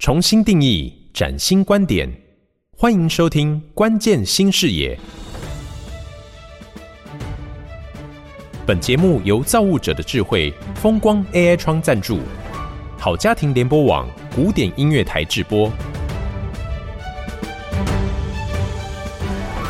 重新定義，嶄新觀點。歡迎收聽《關鍵新視野》。本節目由造物者的智慧風光 AI 窗贊助，好家庭聯播網古典音樂台製播。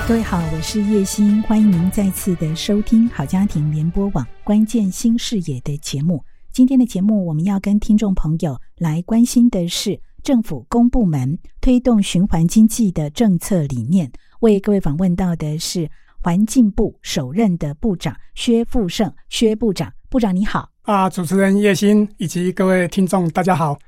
各位好，我是葉欣，歡迎您再次的收聽《好家庭聯播網關鍵新視野》的節目。今天的節目，我們要跟聽眾朋友來關心的是，政府公部門推動循環經濟的政策理念。為各位訪問到的是環境部首任的部長薛富盛。薛部長，部長你好。啊，主持人葉欣以及各位聽眾，大家好。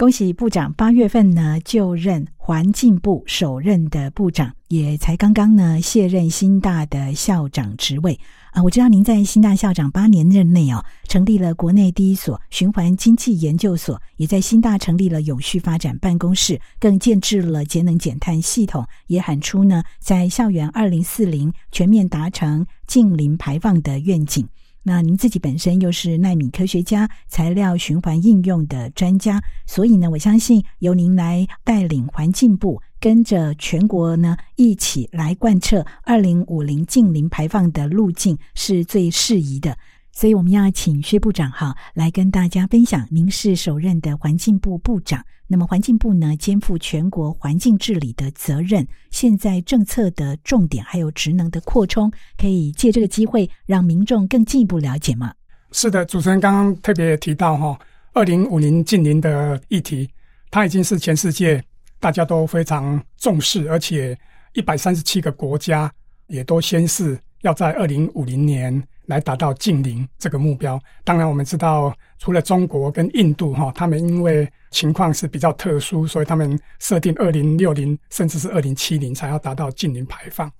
恭喜部長，八月份呢就任環境部首任的部長，也才剛剛呢卸任新大的校長職位啊！我知道您在新大校長八年任內哦，成立了國內第一所循環經濟研究所，也在新大成立了永續發展辦公室，更建置了節能減碳系統，也喊出呢在校園二零四零全面達成淨零排放的願景。那您自己本身又是奈米科學家、材料循環應用的專家，所以呢，我相信由您來帶領環境部，跟着全國呢一起來貫徹二零五零淨零排放的路徑，是最適宜的。所以我們要請薛部長哈來跟大家分享，您是首任的環境部部長。那麼環境部呢，肩負全國環境治理的責任。現在政策的重點還有職能的擴充，可以借這個機會讓民眾更進一步了解嗎？是的，主持人剛剛特別提到哈，二零五零淨零的議題，它已經是全世界大家都非常重視，而且一百三十七個國家也都宣誓要在二零五零年。來達到淨零這個目標。當然，我們知道，除了中國跟印度，哈，他們因為情況是比較特殊，所以他們設定二零六零，甚至是二零七零才要達到淨零排放。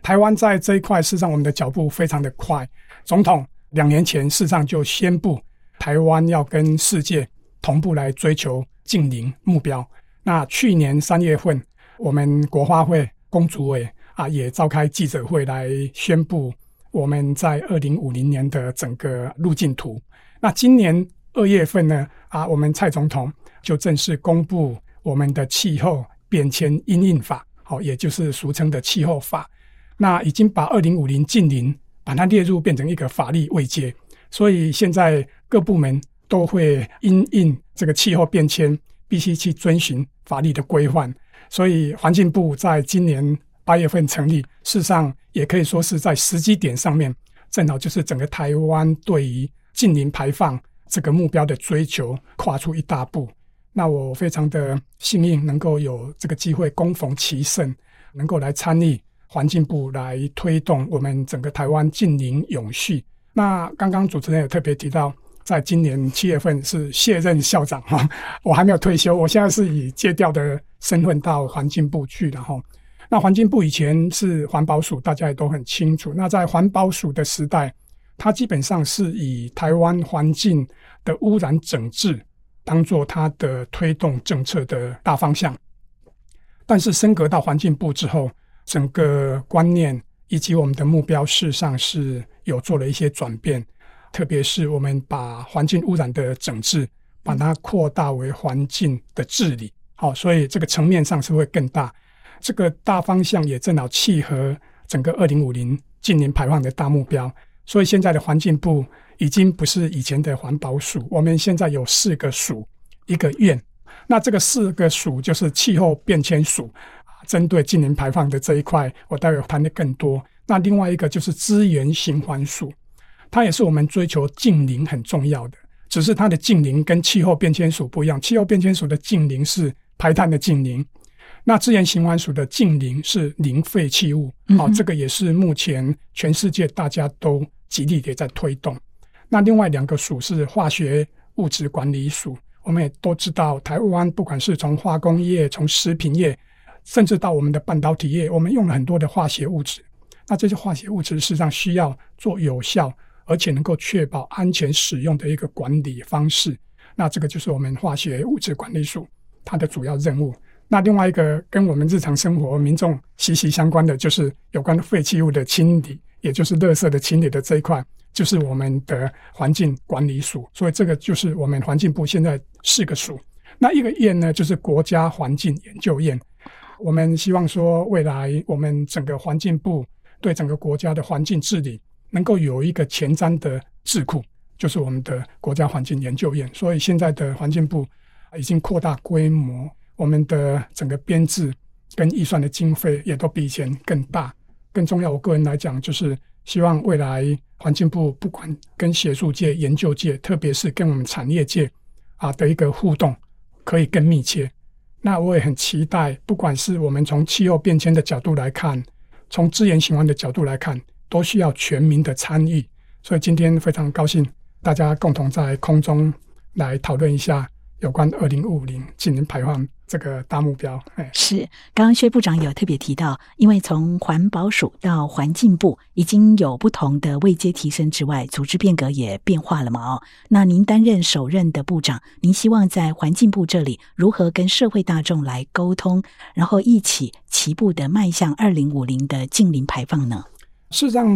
台灣在這一塊，事實上我們的腳步非常的快。總統兩年前事實上就宣布，台灣要跟世界同步來追求淨零目標。那去年三月份，我們國發會龔主委啊也召開記者會來宣布。我們在二零五零年的整個路徑圖。那今年二月份呢，啊，我們蔡總統就正式公布我們的氣候變遷因應法，好，也就是俗稱的氣候法。那已經把二零五零淨零把它列入，變成一個法律位階。所以現在各部門都會因應這個氣候變遷，必須去遵循法律的規範。所以環境部在今年八月份成立，事實上。也可以說是在時機點上面，正好就是整個台灣對於淨零排放這個目標的追求跨出一大步。那我非常的幸運，能夠有這個機會恭逢其盛，能夠來參與環境部來推動我們整個台灣淨零永續。那剛剛主持人也特別提到，在今年七月份是卸任校長哈，我還沒有退休，我現在是以借調的身份到環境部去，然後，那環境部以前是環保署，大家也都很清楚。那在環保署的時代，它基本上是以台灣環境的污染整治，當作它的推動政策的大方向。但是升格到環境部之後，整個觀念以及我們的目標事實上是有做了一些轉變，特別是我們把環境污染的整治，把它擴大為環境的治理。好，所以這個層面上是會更大。這個大方向也正好契合整個二零五零淨零排放的大目標，所以現在的環境部已經不是以前的環保署，我們現在有四個署，一個院。那這個四個署就是氣候變遷署，針對淨零排放的這一塊，我待會談得更多。那另外一個就是資源循環署，它也是我們追求淨零很重要的，只是它的淨零跟氣候變遷署不一樣，氣候變遷署的淨零是排碳的淨零。那資源循環署的淨零是零廢棄物，嗯，好，這個也是目前全世界大家都極力的在推動。那另外兩個署是化學物質管理署，我們也都知道，台灣不管是從化工業、從食品業，甚至到我們的半導體業，我們用了很多的化學物質。那這些化學物質實際上需要做有效而且能夠確保安全使用的一個管理方式。那這個就是我們化學物質管理署它的主要任務。那另外一個跟我們日常生活民眾息息相關的，就是有關廢棄物的清理，也就是垃圾的清理的這一塊，就是我們的環境管理署。所以這個就是我們環境部現在四個署。那一個院呢，就是國家環境研究院。我們希望說，未來我們整個環境部對整個國家的環境治理能夠有一個前瞻的智庫，就是我們的國家環境研究院。所以現在的環境部已經擴大規模。我們的整個編制跟預算的經費也都比以前更大、更重要。我個人來講，就是希望未來環境部不管跟學術界、研究界，特別是跟我們產業界啊的一個互動，可以更密切。那我也很期待，不管是我們從氣候變遷的角度來看，從資源循環的角度來看，都需要全民的參與。所以今天非常高興，大家共同在空中來討論一下有關二零五零淨零排放。這個大目標，哎，是剛剛薛部長有特別提到， 因為從環保署到環境部已經有不同的位階提升之外，組織變革也變化了嘛，哦，那您擔任首任的部長，您希望在環境部這裡如何跟社會大眾來溝通，然後一起齊步地2050的邁向二零五零的淨零排放呢？是讓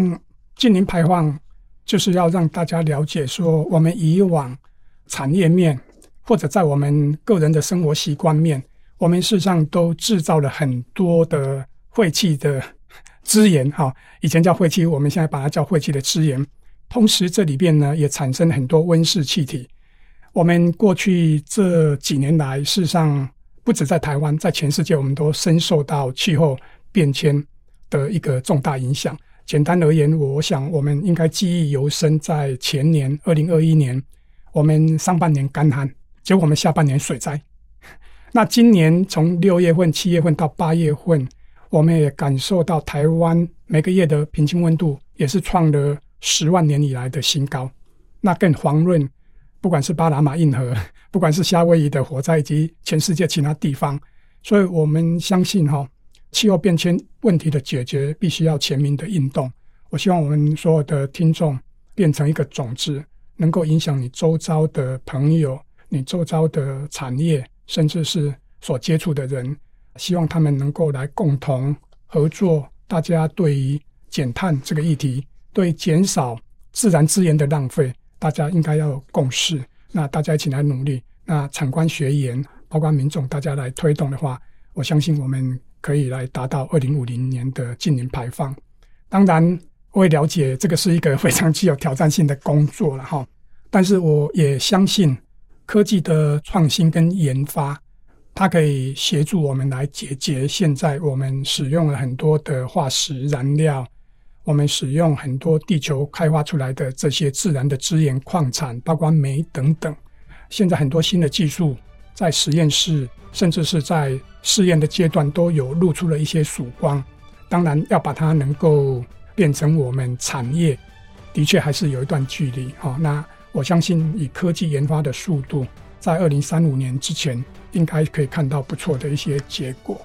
淨零排放就是要讓大家了解說，我們以往產業面。或者在我們個人的生活習慣面，我們事實上都制造了很多的廢棄的資源哈，以前叫廢棄，我們現在把它叫廢棄的資源。同時，這裡邊呢也產生很多溫室氣體。我們過去這幾年來，事實上不止在台灣，在全世界我們都深受到氣候變遷的一個重大影響。簡單而言，我想我們應該記憶猶深，在前年二零二一年，我們上半年乾旱。結果我們下半年水災，那今年從六月份、七月份到八月份，我們也感受到台灣每個月的平均溫度也是創了十萬年以來的新高。那更遑論，不管是巴拿馬運河，不管是夏威夷的火災，以及全世界其他地方。所以我們相信、哦，哈，氣候變遷問題的解決必須要全民的運動。我希望我們所有的聽眾變成一個種子，能夠影響你周遭的朋友，你周遭的產業，甚至是所接觸的人，希望他們能夠來共同合作。大家對於減碳這個議題，對減少自然資源的浪費，大家應該要共識。那大家一起來努力，那產官學研，包括民眾，大家來推動的話，我相信我們可以來達到二零五零年的淨零排放。當然，我也了解這個是一個非常具有挑戰性的工作了哈。但是，我也相信。科技的創新跟研發，它可以協助我們來解決現在我們使用了很多的化石燃料，我們使用很多地球開發出來的這些自然的資源礦產，包括煤等等。現在很多新的技術在實驗室，甚至是在試驗的階段，都有露出了一些曙光。當然，要把它能夠變成我們產業，的確還是有一段距離哦。那。我相信以科技研發的速度，在二零三五年之前，應該可以看到不錯的一些結果。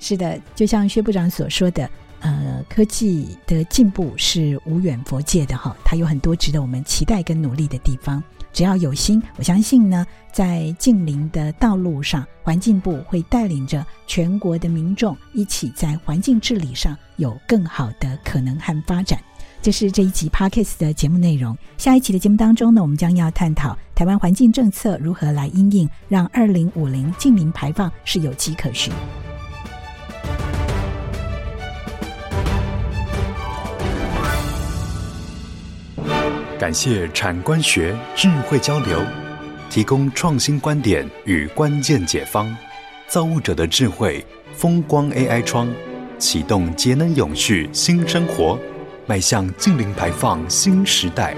是的，就像薛部長所說的，呃，科技的進步是無遠弗屆的哈，它有很多值得我們期待跟努力的地方。只要有心，我相信呢，在淨零的道路上，環境部會帶領着全國的民眾一起在環境治理上有更好的可能和發展。這是這一集 Podcast 的節目內容。下一期的節目當中呢，我們將要探討台灣環境政策如何來因應應，讓二零五零淨零排放是有跡可循。感謝產官學智慧交流，提供創新觀點與關鍵解方。造物者的智慧，風光 AI 窗啟動節能永續新生活。邁向淨零排放新時代。